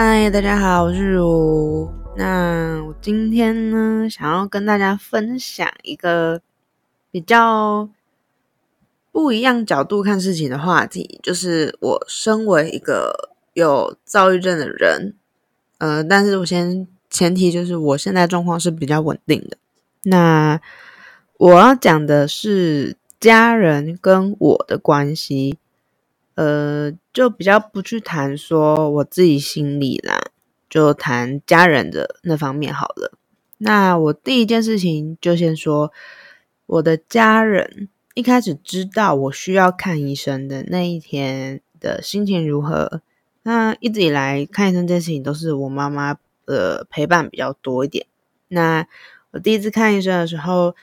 嗨，Hi, 大家好，我是如。那我今天呢，想要跟大家分享一個比較不一樣角度看事情的話題，就是我身為一個有躁鬱症的人，呃，但是我先前提就是我現在狀況是比較穩定的。那我要講的是家人跟我的關係。呃，就比較不去談說我自己心理啦，就談家人的那方面好了。那我第一件事情就先說，我的家人一開始知道我需要看醫生的那一天的心情如何？那一直以來看醫生這件事情都是我媽媽的陪伴比較多一點。那我第一次看醫生的時候，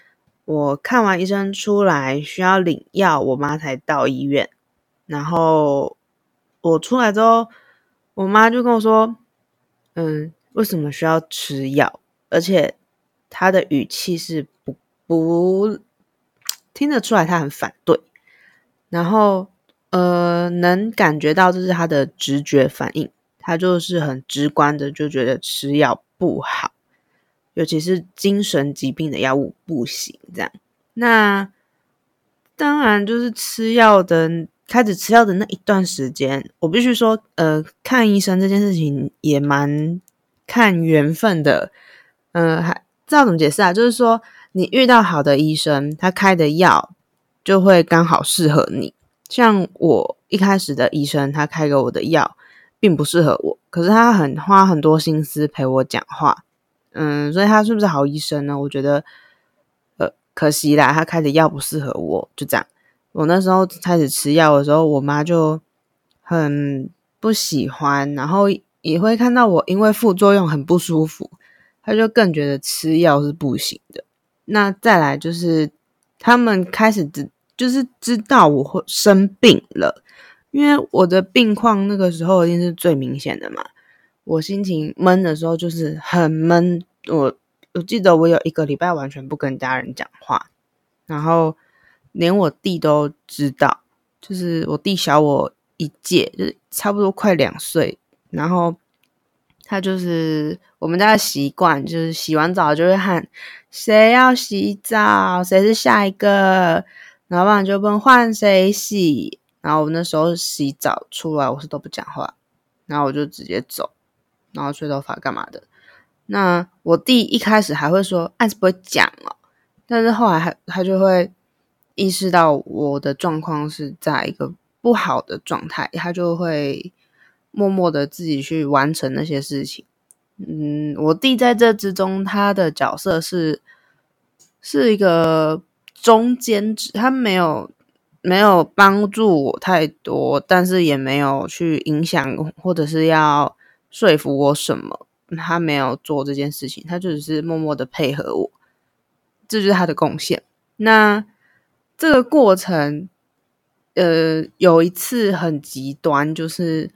我看完醫生出來需要領藥，我媽才到醫院。然後我出來之後，我媽就跟我說：“嗯，為什麼需要吃藥？”而且她的語氣是不不聽得出來，她很反對。然後呃，能感覺到這是她的直覺反應，她就是很直觀的就覺得吃藥不好，尤其是精神疾病的藥物不行，這樣。那當然就是吃藥的。開始吃藥的那一段時間，我必須說，呃，看醫生這件事情也蠻看緣分的，嗯、呃，還知道怎麼解釋啊？就是說，你遇到好的醫生，他開的藥就會剛好適合你。像我一開始的醫生，他開給我的藥並不適合我，可是他很花很多心思陪我講話，嗯，所以他是不是好醫生呢？我覺得，呃，可惜啦，他開的藥不適合我，就這樣。我那時候開始吃藥的時候，我媽就很不喜歡，然後也會看到我因為副作用很不舒服，她就更覺得吃藥是不行的。那再來就是他們開始知，就是知道我會生病了，因為我的病況那個時候一定是最明顯的嘛。我心情悶的時候就是很悶，我我記得我有一個禮拜完全不跟家人講話，然後。連我弟都知道，就是我弟小我一屆，就是差不多快兩歲。然後他就是我們家的習慣，就是洗完澡就會喊“誰要洗澡？誰是下一個？”然後就問換誰洗。然後我們那時候洗澡出來，我是都不講話，然後我就直接走，然後吹頭髮幹嘛的。那我弟一開始還會說“還是不會講哦”，但是後來還他就會。意識到我的狀況是在一個不好的狀態，他就會默默的自己去完成那些事情。嗯，我弟在這之中，他的角色是是一個中間值，他沒有沒有幫助我太多，但是也沒有去影響或者是要說服我什麼，他沒有做這件事情，他就只是默默的配合我，這就是他的貢獻。那。這個過程，呃，有一次很極端，就是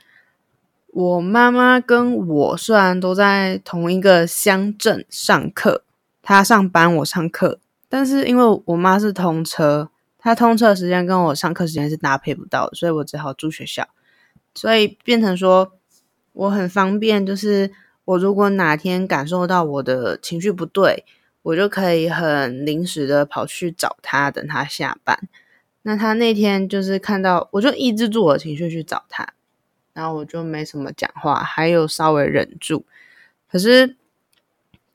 我媽媽跟我雖然都在同一個鄉鎮上課，她上班我上課，但是因為我媽是通車，她通車時間跟我上課時間是搭配不到，所以我只好住學校，所以變成說我很方便，就是我如果哪天感受到我的情緒不對，我就可以很臨時的跑去找他，等他下班。那他那天就是看到，我就抑制住我的情緒去找他，然後我就沒什麼講話，還有稍微忍住。可是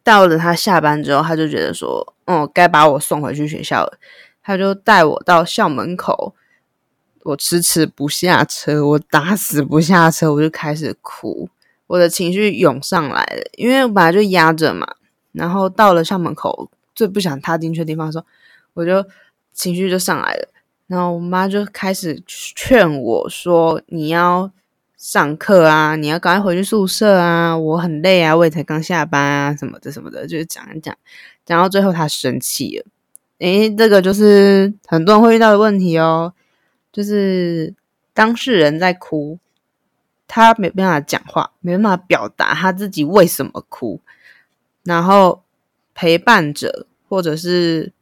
到了他下班之後，他就覺得說，哦，該把我送回去學校了。他就帶我到校門口，我遲遲不下車，我打死不下車，我就開始哭，我的情緒湧上來了，因為我本來就壓着嘛。然後到了校門口最不想踏進去的地方的時候，說我就情緒就上來了，然後我媽就開始勸我說：“你要上課啊，你要趕快回去宿舍啊，我很累啊，我也才剛下班啊，什麼的什麼的，就是講一講，講到最後她生氣了。誒，這個就是很多人會遇到的問題哦，就是當事人在哭，他沒辦法講話，沒辦法表達他自己為什麼哭。”然後陪伴者或者是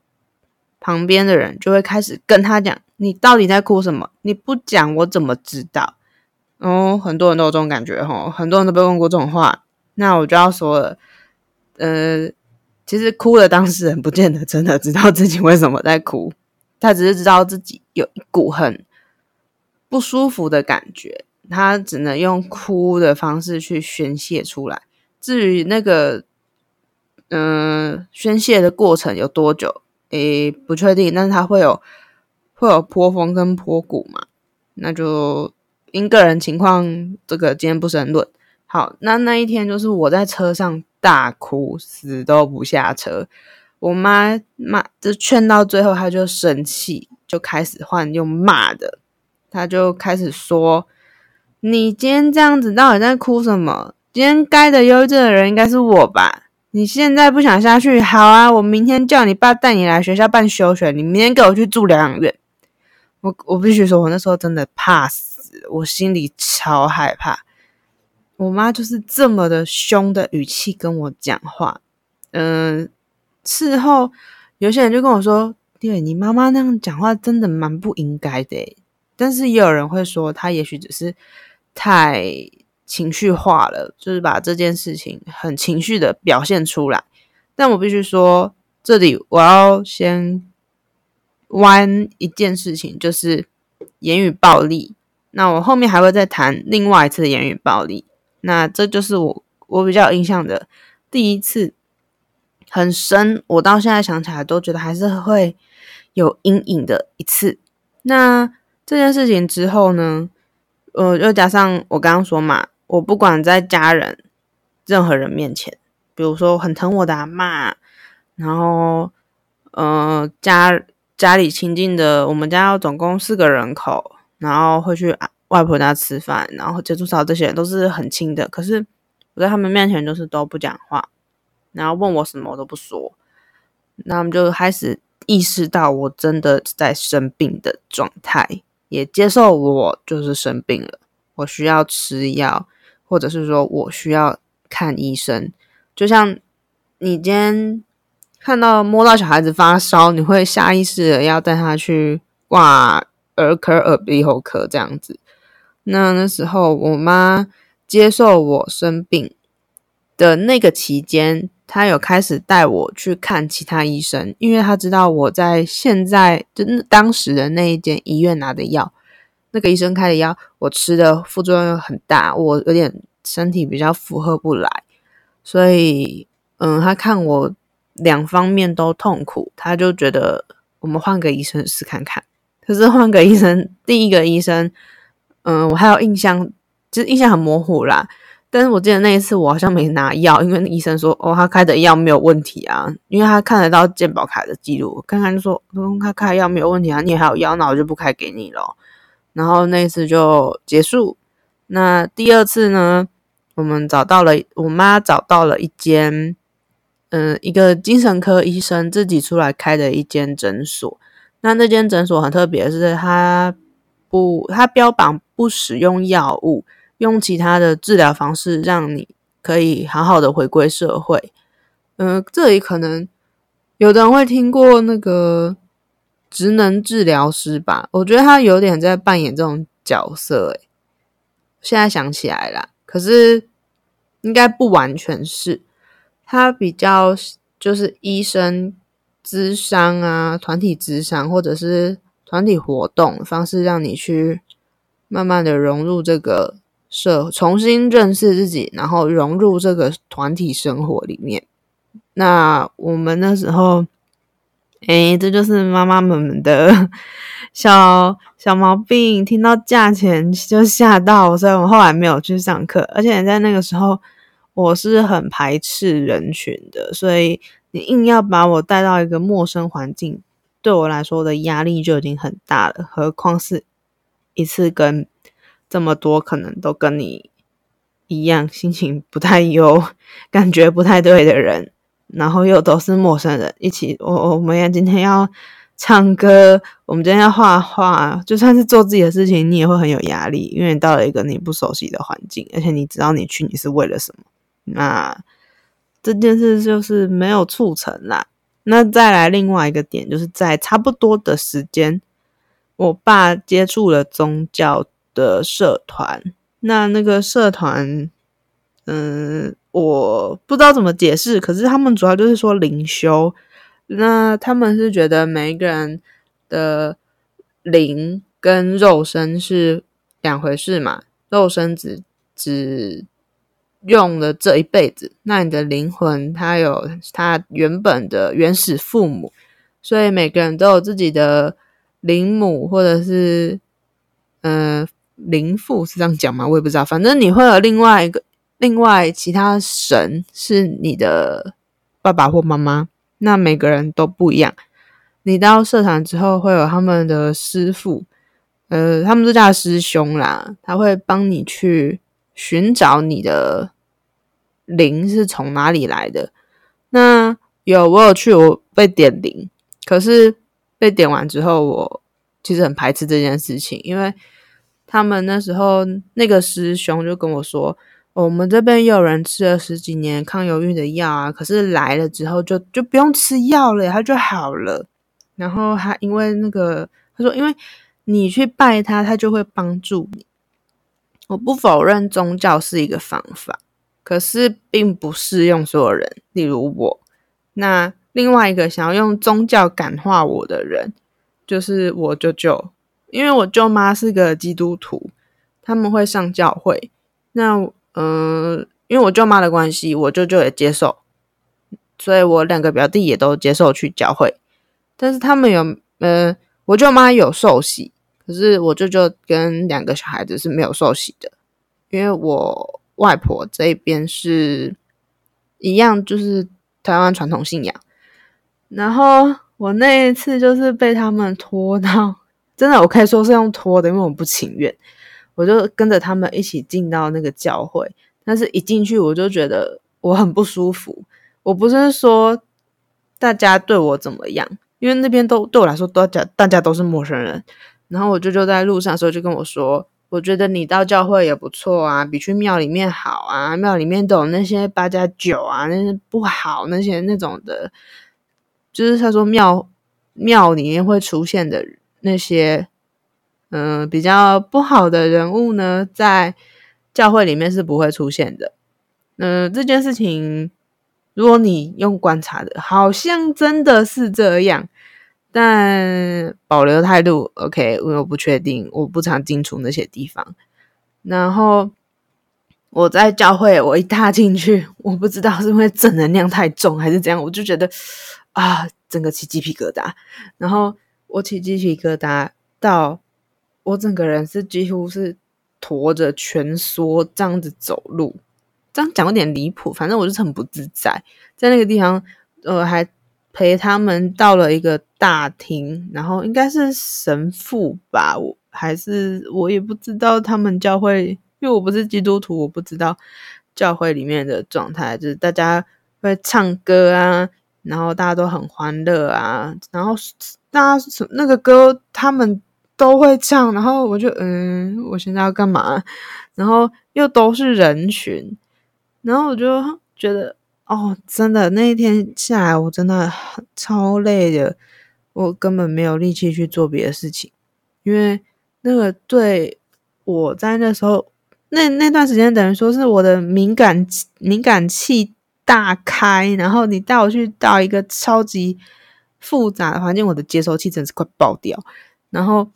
旁邊的人就會開始跟他講：“你到底在哭什麼？你不講，我怎麼知道？”哦，很多人都有這種感覺齁，很多人都被問過這種話。那我就要說了，呃，其實哭的當事人不見得真的知道自己為什麼在哭，他只是知道自己有一股很不舒服的感覺，他只能用哭的方式去宣洩出來。至於那個，嗯、呃，宣洩的過程有多久？誒、欸，不確定，但是他會有會有波峰跟波谷嘛，那就因個人情況。這個今天不深論。好，那那一天就是我在車上大哭，死都不下車。我媽媽就勸到最後，她就生氣，就開始換用罵的。她就開始說：“你今天這樣子，到底在哭什麼？今天該得憂鬱症的人應該是我吧？”你現在不想下去，好啊！我明天叫你爸帶你來學校辦休學，你明天給我去住療養院。我我必須說，我那時候真的怕死，我心裡超害怕。我媽就是這麼的凶的語氣跟我講話。嗯、呃，事後有些人就跟我說：“對你媽媽那樣講話，真的蠻不應該的。”但是也有人會說，她也許只是太……情緒化了，就是把這件事情很情緒的表現出來。但我必須說，這裡我要先彎一件事情，就是言語暴力。那我後面還會再談另外一次的言語暴力。那這就是我我比較印象的第一次，很深。我到現在想起來都覺得還是會有陰影的一次。那這件事情之後呢，呃，又加上我剛剛說嘛。我不管在家人、任何人面前，比如說很疼我的阿嬤，然後，呃，家家裡親近的，我們家要總共四個人口，然後會去外婆家吃飯，然後接觸到這些都是很親的，可是我在他們面前就是都不講話，然後問我什麼我都不說，那他們就開始意識到我真的在生病的狀態，也接受我就是生病了，我需要吃藥。或者是說我需要看醫生，就像你今天看到摸到小孩子發燒，你會下意識的要帶他去掛兒科、耳鼻喉科這樣子。那那時候我媽接受我生病的那個期間，她有開始帶我去看其他醫生，因為她知道我在現在就當時的那一間醫院拿的藥。那個醫生開的藥，我吃的副作用又很大，我有點身體比較負荷不來，所以，嗯，他看我兩方面都痛苦，他就覺得我們換個醫生試看看。可是換個醫生，第一個醫生，嗯，我還有印象，就是印象很模糊啦，但是我記得那一次我好像沒拿藥，因為那醫生說，哦，他開的藥沒有問題啊，因為他看得到健保卡的記錄，看看就說，哦，他開的藥沒有問題啊，你還有藥，那我就不開給你了。然後那次就結束。那第二次呢？我們找到了，我媽找到了一間，嗯、呃，一個精神科醫生自己出來開的一間診所。那那間診所很特別，是他不，他標榜不使用藥物，用其他的治療方式讓你可以好好的回歸社會。嗯、呃，這裡可能有的人會聽過那個。職能治療師吧，我覺得他有點在扮演這種角色、欸，哎，現在想起來啦，可是應該不完全是，他比較就是醫生、諮商啊、團體諮商，或者是團體活動方式，讓你去慢慢的融入這個社，重新認識自己，然後融入這個團體生活裡面。那我們那時候。誒、欸，這就是媽媽們的小小毛病，聽到價錢就嚇到，所以我後來沒有去上課。而且在那個時候，我是很排斥人群的，所以你硬要把我帶到一個陌生環境，對我來說的壓力就已經很大了，何況是一次跟這麼多可能都跟你一樣心情不太優、感覺不太對的人。然後又都是陌生人一起，我我們今天要唱歌，我們今天要畫畫，就算是做自己的事情，你也會很有壓力，因為到了一個你不熟悉的環境，而且你知道你去你是為了什麼，那這件事就是沒有促成啦。那再來另外一個點，就是在差不多的時間，我爸接觸了宗教的社團，那那個社團。嗯，我不知道怎麼解釋，可是他們主要就是說靈修。那他們是覺得每一個人的靈跟肉身是兩回事嘛？肉身只只用了這一輩子，那你的靈魂它有它原本的原始父母，所以每個人都有自己的靈母或者是嗯、呃、靈父，是這樣講嗎？我也不知道，反正你會有另外一個。另外，其他神是你的爸爸或媽媽，那每個人都不一樣。你到社團之後，會有他們的師父，呃，他們都叫師兄啦，他會幫你去尋找你的靈是從哪裡來的。那有我有去，我被點靈，可是被點完之後，我其實很排斥這件事情，因為他們那時候那個師兄就跟我說，我們這邊也有人吃了十幾年抗憂鬱的藥啊，可是來了之後就就不用吃藥了，他就好了。然後他因為那個，他說因為你去拜他，他就會幫助你。我不否認宗教是一個方法，可是並不適用所有人。例如我，那另外一個想要用宗教感化我的人，就是我舅舅，因為我舅媽是個基督徒，他們會上教會。那。嗯，因為我舅媽的關係，我舅舅也接受，所以我兩個表弟也都接受去教會。但是他們有，嗯、呃，我舅媽有受洗，可是我舅舅跟兩個小孩子是沒有受洗的，因為我外婆這邊是一樣，就是台灣傳統信仰。然後我那一次就是被他們拖到，真的，我可以說是用拖的，因為我不情願。我就跟着他們一起進到那個教會，但是一進去我就覺得我很不舒服。我不是說大家對我怎麼樣，因為那邊都對我來說，大家大家都是陌生人。然後我舅舅在路上的時候就跟我說，我覺得你到教會也不錯啊，比去廟裡面好啊，廟裡面都有那些八家九啊，那些不好那些那種的，就是他說廟廟裡面會出現的那些。嗯、呃，比較不好的人物呢，在教會裡面是不會出現的。嗯、呃，這件事情，如果你用觀察的，好像真的是這樣，但保留態度。OK，因為我不確定，我不常進出那些地方。然後我在教會，我一踏進去，我不知道是因為正能量太重還是怎樣，我就覺得啊，整個起雞皮疙瘩。然後我起雞皮疙瘩到。我整個人是幾乎是駝着蜷縮這樣子走路，這樣講有點離譜。反正我就是很不自在，在那個地方，呃，還陪他們到了一個大廳，然後應該是神父吧，我還是我也不知道他們教會，因為我不是基督徒，我不知道教會裡面的狀態，就是大家會唱歌啊，然後大家都很歡樂啊，然後大家那個歌他們。都會這樣，然後我就嗯，我現在要幹嘛？然後又都是人群，然後我就覺得哦，真的那一天下來，我真的超累的，我根本沒有力氣去做別的事情，因為那個對我在那時候那那段時間等於說是我的敏感敏感器大開，然後你帶我去到一個超級複雜的環境，我的接收器真是快爆掉，然後。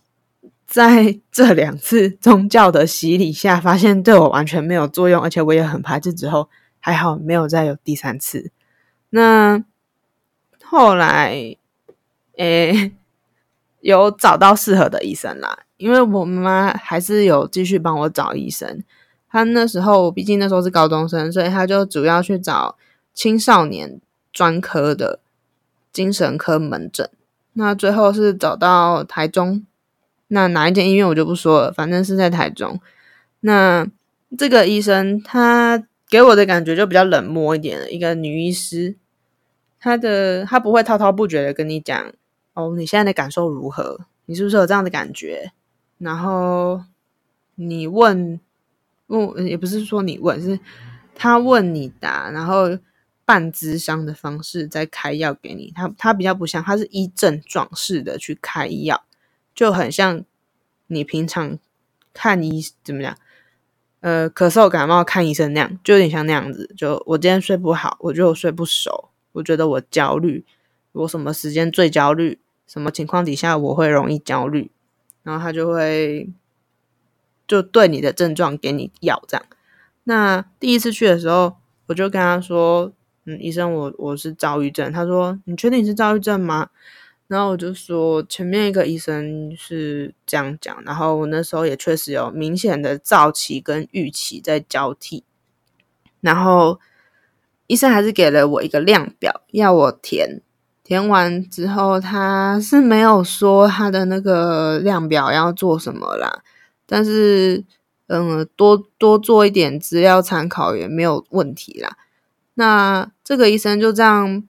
在這兩次宗教的洗禮下，發現對我完全沒有作用，而且我也很排斥。之後還好沒有再有第三次。那後來，誒、欸，有找到適合的醫生啦，因為我媽還是有繼續幫我找醫生。她那時候畢竟那時候是高中生，所以她就主要去找青少年專科的精神科門診。那最後是找到台中。那哪一間醫院我就不說了，反正是在台中。那這個醫生他給我的感覺就比較冷漠一點，一個女醫師，她的她不會滔滔不絕的跟你講哦，你現在的感受如何，你是不是有這樣的感覺？然後你問問、哦、也不是說你問，是他問你答，然後半諮商的方式再開藥給你。他他比較不像，他是依症狀式的去開藥。就很像你平常看醫怎麼樣，呃，咳嗽感冒看醫生那樣，就有點像那樣子。就我今天睡不好，我就睡不熟，我覺得我焦慮，我什麼時間最焦慮，什麼情況底下我會容易焦慮。然後他就會就對你的症狀給你藥這樣。那第一次去的時候，我就跟他說：“嗯，醫生，我我是躁鬱症。”他說：“你確定是躁鬱症嗎？”然後我就說，前面一個醫生是這樣講，然後我那時候也確實有明顯的躁期跟鬱期在交替，然後醫生還是給了我一個量表要我填，填完之後他是沒有說他的那個量表要做什麼啦，但是嗯，多多做一點資料參考也沒有問題啦。那這個醫生就這樣。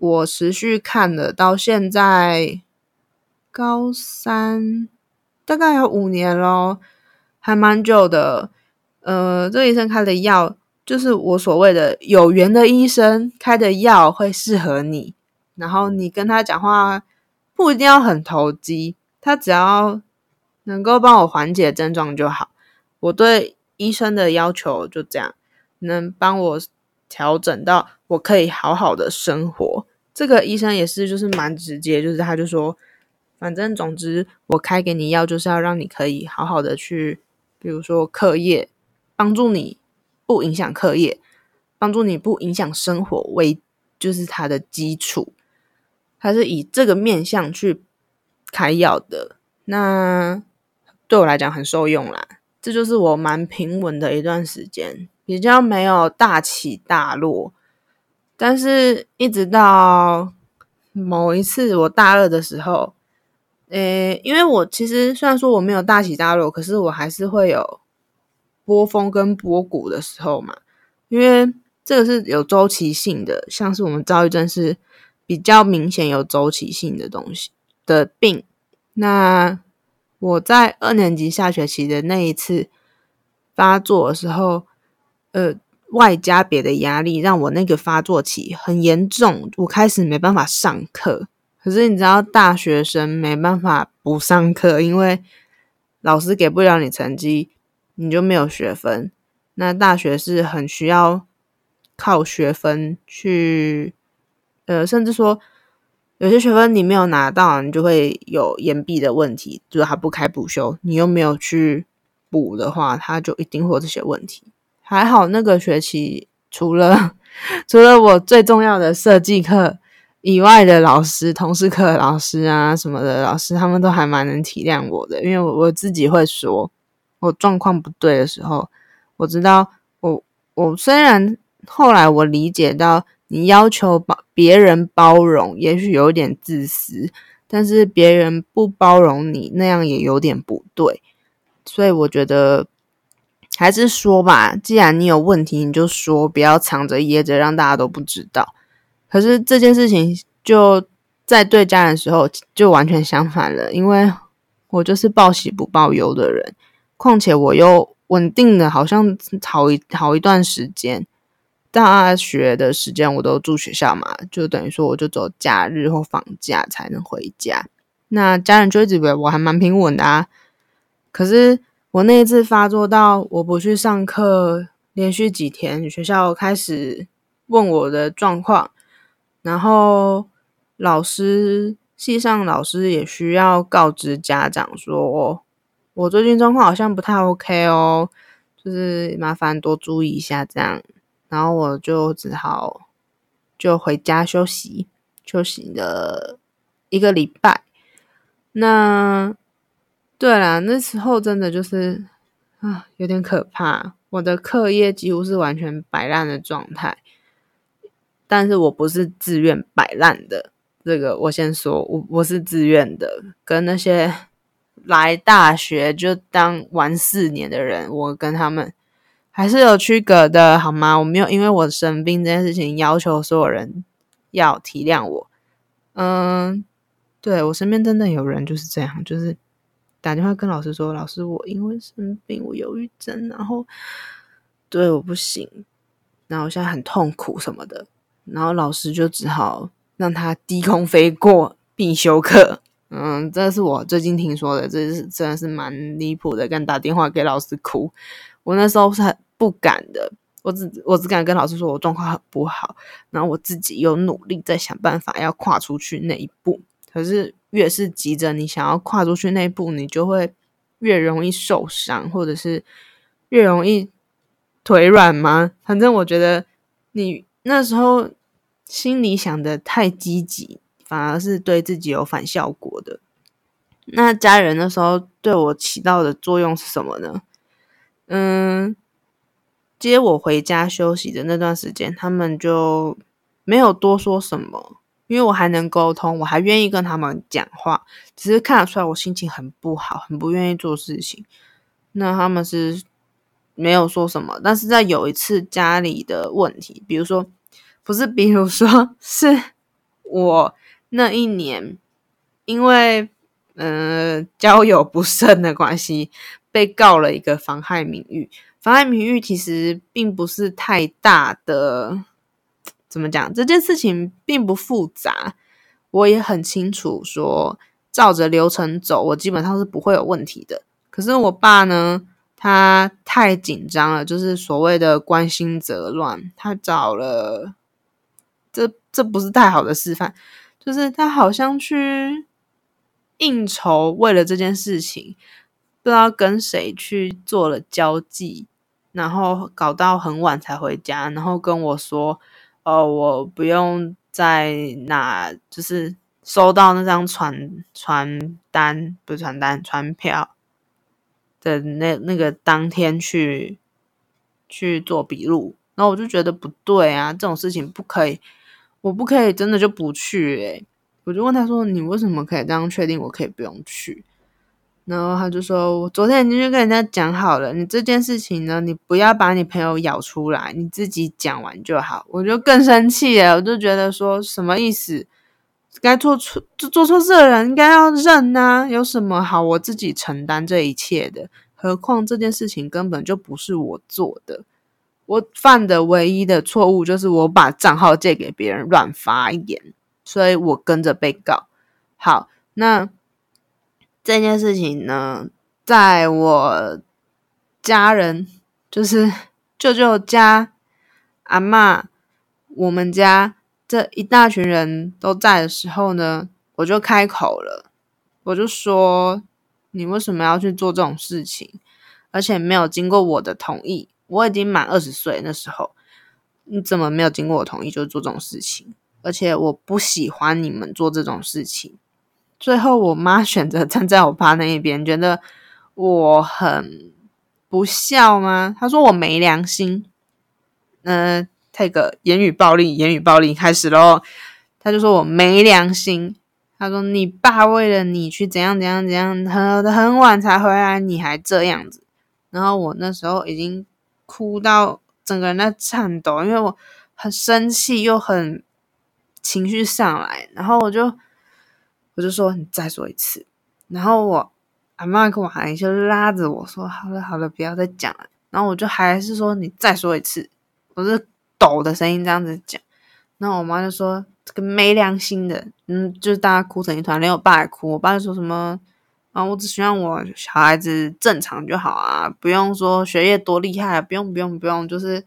我持續看了，到現在，高三大概有五年咯，還蠻久的。呃，這醫生開的藥，就是我所謂的有緣的醫生開的藥會適合你。然後你跟他講話不一定要很投機，他只要能夠幫我緩解症狀就好。我對醫生的要求就這樣，能幫我調整到我可以好好的生活。這個醫生也是，就是蠻直接，就是他就說，反正總之我開給你藥，就是要讓你可以好好的去，比如說課業，幫助你不影響課業，幫助你不影響生活為就是他的基礎，他是以這個面向去開藥的。那對我來講很受用啦，這就是我蠻平穩的一段時間，比較沒有大起大落。但是一直到某一次我大二的時候，誒、欸、因為我其實雖然說我沒有大起大落，可是我還是會有波峰跟波谷的時候嘛，因為這個是有周期性的，像是我們躁鬱症是比較明顯有周期性的東西的病。那我在二年級下學期的那一次發作的時候，呃。外加別的壓力，讓我那個發作期很嚴重。我開始沒辦法上課，可是你知道，大學生沒辦法不上課，因為老師給不了你成績，你就沒有學分。那大學是很需要靠學分去，呃，甚至說有些學分你沒有拿到，你就會有延畢的問題。就是他不開補修，你又沒有去補的話，他就一定會有這些問題。還好那個學期，除了除了我最重要的設計課以外的老師、同事課老師啊什麼的老師，他們都還蠻能體諒我的。因為我，我自己會說，我狀況不對的時候，我知道，我我雖然後來我理解到，你要求包別人包容，也許有點自私，但是別人不包容你那樣也有點不對，所以我覺得。還是說吧，既然你有問題，你就說，不要藏着掖着，讓大家都不知道。可是這件事情就在對家人的時候就完全相反了，因為我就是報喜不報憂的人，況且我又穩定的好像好一好一段時間，大學的時間我都住學校嘛，就等於說我就走假日或放假才能回家。那家人就覺得我還蠻平穩的啊，可是。我那一次發作到我不去上課，連續幾天學校開始問我的狀況，然後老師，系上老師也需要告知家長說，我最近狀況好像不太 OK 哦，就是麻煩多注意一下這樣，然後我就只好就回家休息，休息了一個禮拜，那。對啦，那時候真的就是啊，有點可怕。我的課業幾乎是完全擺爛的狀態，但是我不是自願擺爛的。這個我先說，我我是自願的。跟那些來大學就當玩四年的人，我跟他們還是有區隔的，好嗎？我沒有因為我生病這件事情要求所有人要體諒我。嗯，對，我身邊真的有人就是這樣，就是。打電話跟老師說：“老師，我因為生病，我憂鬱症，然後對我不行，然後我現在很痛苦什麼的。”然後老師就只好讓他低空飛過必修課。嗯，這是我最近聽說的，這是真的是蠻離譜的。敢打電話給老師哭，我那時候是很不敢的，我只我只敢跟老師說我狀況很不好，然後我自己又努力在想辦法要跨出去那一步。可是越是急着你想要跨出去那一步，你就會越容易受傷，或者是越容易腿軟嗎？反正我覺得你那時候心裡想的太積極，反而是對自己有反效果的。那家人那時候對我起到的作用是什麼呢？嗯，接我回家休息的那段時間，他們就沒有多說什麼。因為我還能溝通，我還願意跟他們講話，只是看得出來我心情很不好，很不願意做事情。那他們是沒有說什麼，但是在有一次家裡的問題，比如說不是，比如說是，我那一年因為呃交友不慎的關係，被告了一個妨害名譽。妨害名譽其實並不是太大的。怎麼講？這件事情並不複雜，我也很清楚，說照着流程走，我基本上是不會有問題的。可是我爸呢，他太緊張了，就是所謂的關心則亂。他找了這這不是太好的示範，就是他好像去應酬，為了這件事情，不知道跟誰去做了交際，然後搞到很晚才回家，然後跟我說。哦，我不用在哪，就是收到那張傳傳單，不是傳單，傳票的那那個當天去去做筆錄，然後我就覺得不對啊，這種事情不可以，我不可以真的就不去誒、欸，我就問他說，你為什麼可以這樣確定，我可以不用去？然後他就說：“我昨天已經跟人家講好了，你這件事情呢，你不要把你朋友咬出來，你自己講完就好。”我就更生氣了，我就覺得說什麼意思？該做錯做做錯事的人應該要認吶、啊，有什麼好我自己承擔這一切的？何況這件事情根本就不是我做的，我犯的唯一的錯誤就是我把賬號借給別人亂發言，所以我跟着被告。好，那。這件事情呢，在我家人，就是舅舅家、阿嬤、我們家這一大群人都在的時候呢，我就開口了，我就說：“你為什麼要去做這種事情？而且沒有經過我的同意。我已經滿二十歲那時候，你怎麼沒有經過我同意就做這種事情？而且我不喜歡你們做這種事情。”最後，我媽選擇站在我爸那一邊，覺得我很不孝嗎？她說我沒良心。呃，那個言語暴力，言語暴力開始咯。她就說我沒良心。她說你爸為了你去怎樣怎樣怎樣，喝很，很晚才回來，你還這樣子。然後我那時候已經哭到整個人在顫抖，因為我很生氣又很情緒上來，然後我就。我就說你再說一次，然後我，阿嬤、跟我就拉着我說，好了好了，不要再講了。然後我就還是說你再說一次，我是抖的聲音這樣子講。那我媽就說這個沒良心的，嗯，就是大家哭成一團，連我爸也哭。我爸就說什麼啊，我只希望我小孩子正常就好啊，不用說學業多厲害啊，不用不用不用，就是，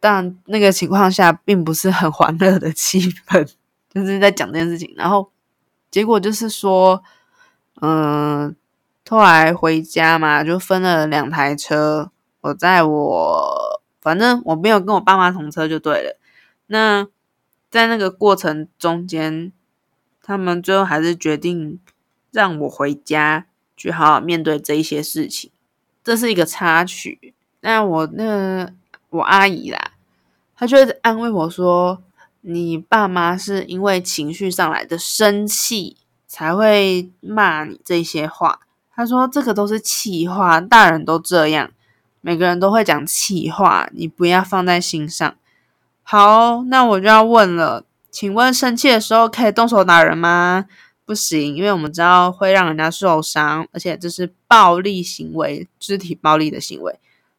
但那個情況下並不是很歡樂的氣氛，就是在講這件事情，然後。結果就是說，嗯，後來回家嘛，就分了兩台車，我在我反正我沒有跟我爸媽同車就對了。那在那個過程中間，他們最後還是決定讓我回家去好好面對這一些事情。這是一個插曲。那我那個，我阿姨啦，她就會安慰我說。你爸媽是因為情緒上來的生氣才會罵你這些話。他說這個都是氣話，大人都這樣，每個人都會講氣話，你不要放在心上。好，那我就要問了，請問生氣的時候可以動手打人嗎？不行，因為我們知道會讓人家受傷，而且這是暴力行為，肢體暴力的行為。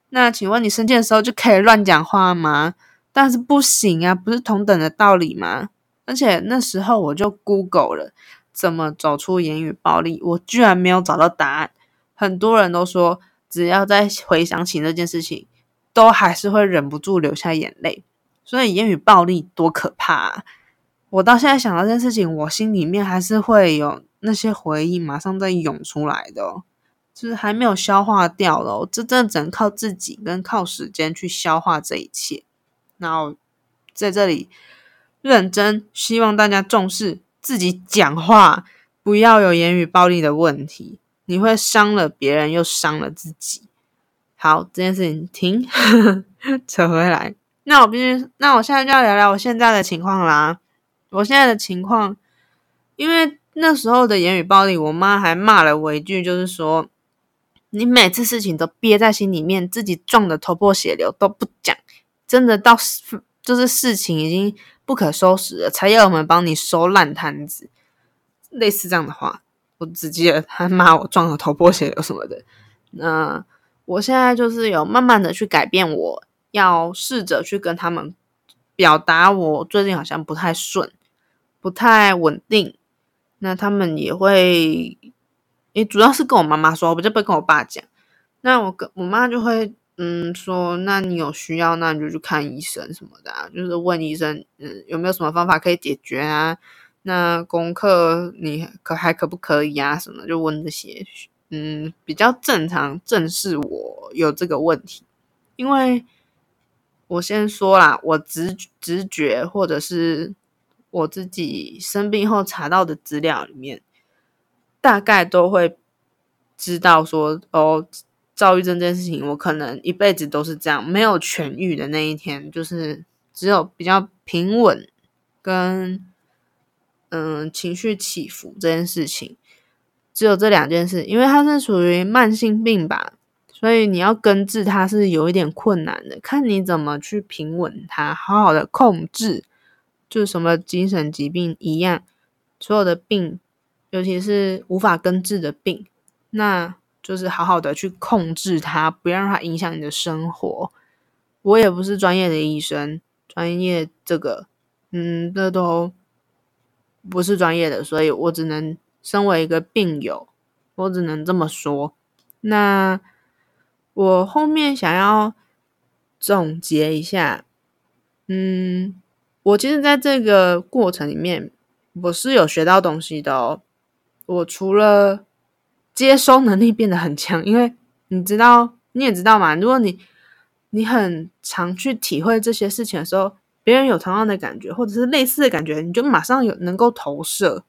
那請問你生氣的時候就可以亂講話嗎？但是不行啊，不是同等的道理嗎？而且那時候我就 Google 了，怎麼走出言語暴力？我居然沒有找到答案。很多人都說，只要再回想起那件事情，都還是會忍不住流下眼淚。所以言語暴力多可怕啊！我到現在想到這件事情，我心裡面還是會有那些回憶馬上在湧出來的哦，就是還沒有消化掉咯哦，我這真的只能靠自己跟靠時間去消化這一切。然後在這裡認真，希望大家重視自己講話，不要有言語暴力的問題。你會傷了別人，又傷了自己。好，這件事情停，呵呵，扯回來。那我必須，那我現在就要聊聊我現在的情況啦。我現在的情況，因為那時候的言語暴力，我媽還罵了我一句，就是說：“你每次事情都憋在心裡面，自己撞的頭破血流都不講。”真的到事就是事情已經不可收拾了，才要我們幫你收爛攤子，類似這樣的話，我直接他罵我撞了頭破血流什麼的。那我現在就是有慢慢的去改變我，我要試着去跟他們表達，我最近好像不太順，不太穩定。那他們也會，也、欸、主要是跟我媽媽說，我不就不跟我爸講。那我跟我媽就會。嗯，說那你有需要，那你就去看醫生什麼的，啊，就是問醫生，嗯，有沒有什麼方法可以解決啊？那功課你可還可不可以啊？什麼就問這些，嗯，比較正常正視我有這個問題，因為我先說啦，我直覺直覺或者是我自己生病後查到的資料裡面，大概都會知道說哦。躁鬱症這件事情，我可能一輩子都是這樣，沒有痊癒的那一天，就是只有比較平穩跟嗯、呃、情緒起伏這件事情，只有這兩件事，因為它是屬於慢性病吧，所以你要根治它是有一點困難的，看你怎麼去平穩它，好好的控制，就什麼精神疾病一樣，所有的病，尤其是無法根治的病，那。就是好好的去控制它，不要讓它影響你的生活。我也不是專業的醫生，專業這個，嗯，這都不是專業的，所以我只能身為一個病友，我只能這麼說。那我後面想要總結一下，嗯，我其實在這個過程裡面，我是有學到東西的哦。我除了接收能力變得很強，因為你知道，你也知道嘛。如果你你很常去體會這些事情的時候，別人有同樣的感覺或者是類似的感覺，你就馬上有能夠投射，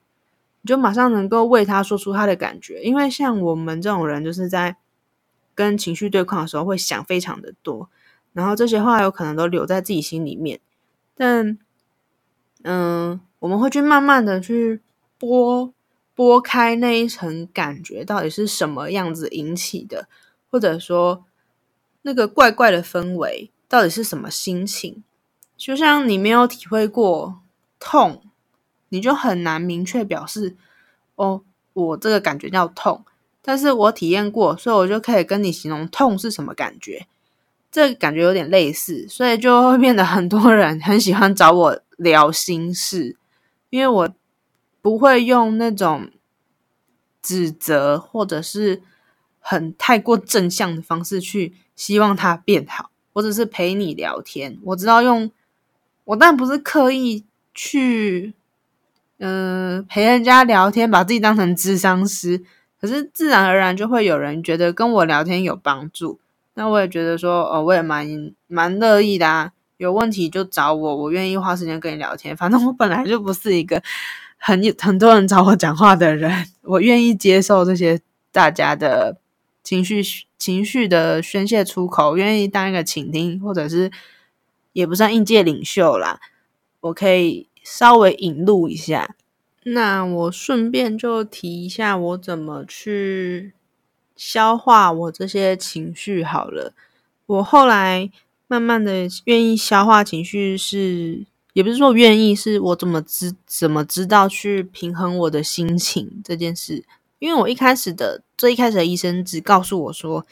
你就馬上能夠為他說出他的感覺。因為像我們這種人，就是在跟情緒對抗的時候會想非常的多，然後這些話有可能都留在自己心裡面。但嗯，我們會去慢慢的去播。撥開那一層感覺，到底是什麼樣子引起的，或者說那個怪怪的氛圍，到底是什麼心情？就像你沒有體會過痛，你就很難明確表示哦，我這個感覺叫痛。但是我體驗過，所以我就可以跟你形容痛是什麼感覺。這個感覺有點類似，所以就會變得很多人很喜歡找我聊心事，因為我。不會用那種指責或者是很太過正向的方式去希望他變好。我只是陪你聊天，我知道用我，但不是刻意去，嗯、呃，陪人家聊天，把自己當成諮商師。可是自然而然就會有人覺得跟我聊天有幫助。那我也覺得說，哦，我也蠻蠻樂意的啊。有問題就找我，我願意花時間跟你聊天。反正我本來就不是一個。很很多人找我講話的人，我願意接受這些大家的情緒情緒的宣泄出口，願意當一個傾聽，或者是也不算應屆領袖啦，我可以稍微引路一下。那我順便就提一下，我怎麼去消化我這些情緒好了。我後來慢慢的願意消化情緒是。也不是說願意，是我怎麼知怎麼知道去平衡我的心情這件事？因為我一開始的最一開始的醫生只告訴我說，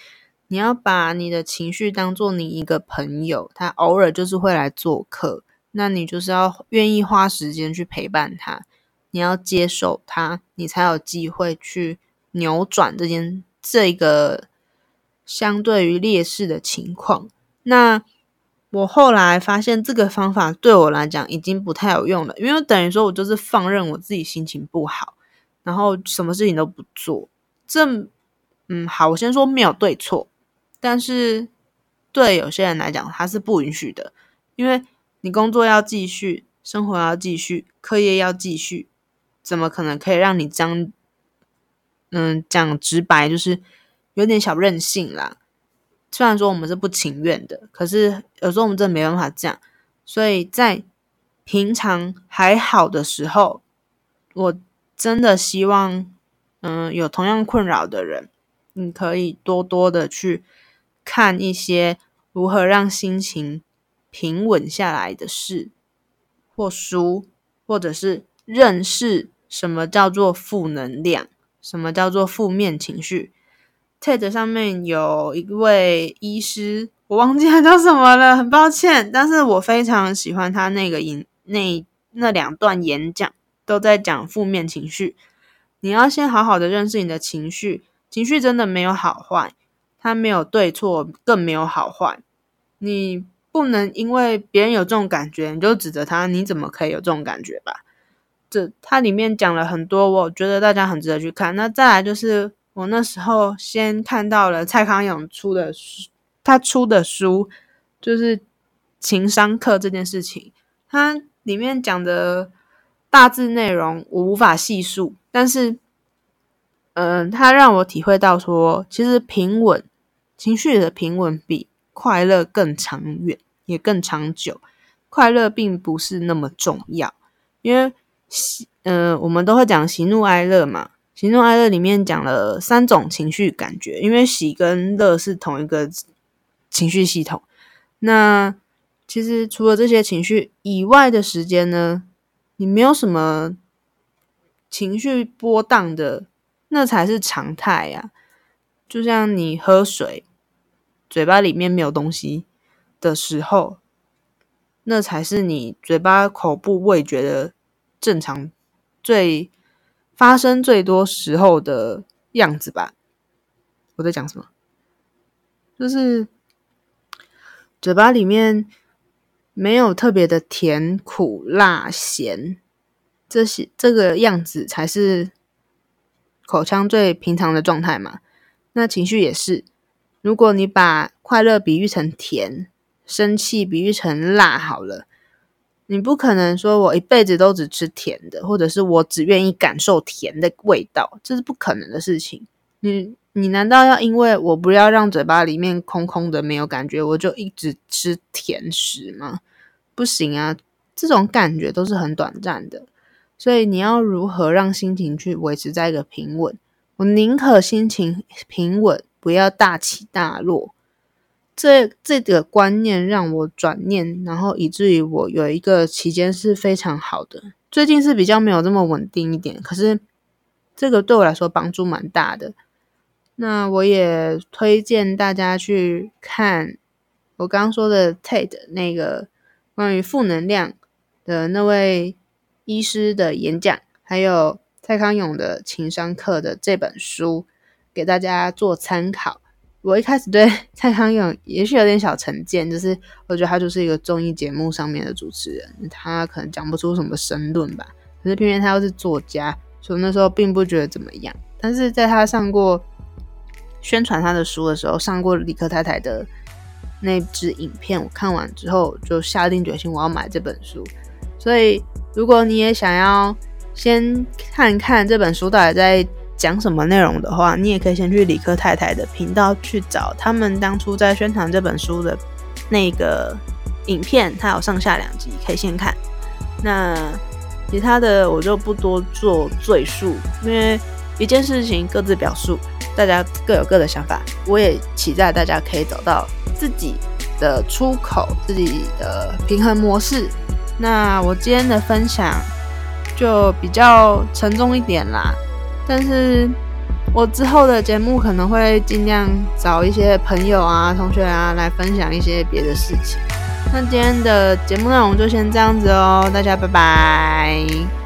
你要把你的情緒當做你一個朋友，他偶爾就是會來做客，那你就是要願意花時間去陪伴他，你要接受他，你才有機會去扭轉這件這一個相對於劣勢的情況。那。我後來發現這個方法對我來講已經不太有用了，因為等於說我就是放任我自己心情不好，然後什麼事情都不做。這，嗯，好，我先說沒有對錯，但是對有些人來講他是不允許的，因為你工作要繼續，生活要繼續，課業要繼續，怎麼可能可以讓你這樣，嗯，講直白就是有點小任性啦。雖然說我們是不情願的，可是有時候我們真的沒辦法這樣，所以在平常還好的時候，我真的希望，嗯，有同樣困擾的人，你可以多多的去看一些如何讓心情平穩下來的事或書，或者是認識什麼叫做負能量，什麼叫做負面情緒。TED 上面有一位醫師，我忘記他叫什麼了，很抱歉，但是我非常喜歡他那個演那那兩段演講，都在講負面情緒。你要先好好的認識你的情緒，情緒真的沒有好壞，它沒有對錯，更沒有好壞。你不能因為別人有這種感覺，你就指責他，你怎麼可以有這種感覺吧？這他裡面講了很多，我覺得大家很值得去看。那再來就是。我那時候先看到了蔡康永出的書，他出的書就是《情商課》這件事情，他裡面講的大致內容我無法細數，但是，嗯、呃，他讓我體會到說，其實平穩情緒的平穩比快樂更長遠，也更長久，快樂並不是那麼重要，因為，呃，我們都會講喜怒哀樂嘛。喜怒哀樂裡面講了三種情緒感覺，因為喜跟樂是同一個情緒系統。那其實除了這些情緒以外的時間呢，你沒有什麼情緒波蕩的，那才是常態呀、啊。就像你喝水，嘴巴裡面沒有東西的時候，那才是你嘴巴口部味覺的正常最。發生最多時候的樣子吧，我在講什麼？就是嘴巴裡面沒有特別的甜、苦、辣、鹹，這些這個樣子才是口腔最平常的狀態嘛。那情緒也是，如果你把快樂比喻成甜，生氣比喻成辣，好了。你不可能說我一輩子都只吃甜的，或者是我只願意感受甜的味道，這是不可能的事情。你你難道要因為我不要讓嘴巴裡面空空的，沒有感覺，我就一直吃甜食嗎？不行啊，這種感覺都是很短暫的。所以你要如何讓心情去維持在一個平穩？我寧可心情平穩，不要大起大落。這這個觀念讓我轉念，然後以至於我有一個期間是非常好的，最近是比較沒有這麼穩定一點，可是這個對我來說幫助蠻大的。那我也推薦大家去看我剛剛說的 TED 那個關於負能量的那位醫師的演講，還有蔡康永的情商課的這本書，給大家做參考。我一開始對蔡康永也許有點小成見，就是我覺得他就是一個綜藝節目上面的主持人，他可能講不出什麼神論吧。可是偏偏他又是作家，所以那時候並不覺得怎麼樣。但是在他上過宣傳他的書的時候，上過《理科太太》的那支影片，我看完之後就下定決心我要買這本書。所以如果你也想要先看一看這本書到底在講什麼內容的話，你也可以先去理科太太的頻道去找他們當初在宣傳這本書的那個影片，它有上下兩集，可以先看。那其他的我就不多做贅述，因為一件事情各自表述，大家各有各的想法。我也期待大家可以找到自己的出口，自己的平衡模式。那我今天的分享就比較沉重一點啦。但是我之後的節目可能會盡量找一些朋友啊、同學啊來分享一些別的事情。那今天的節目內容就先這樣子哦，大家拜拜。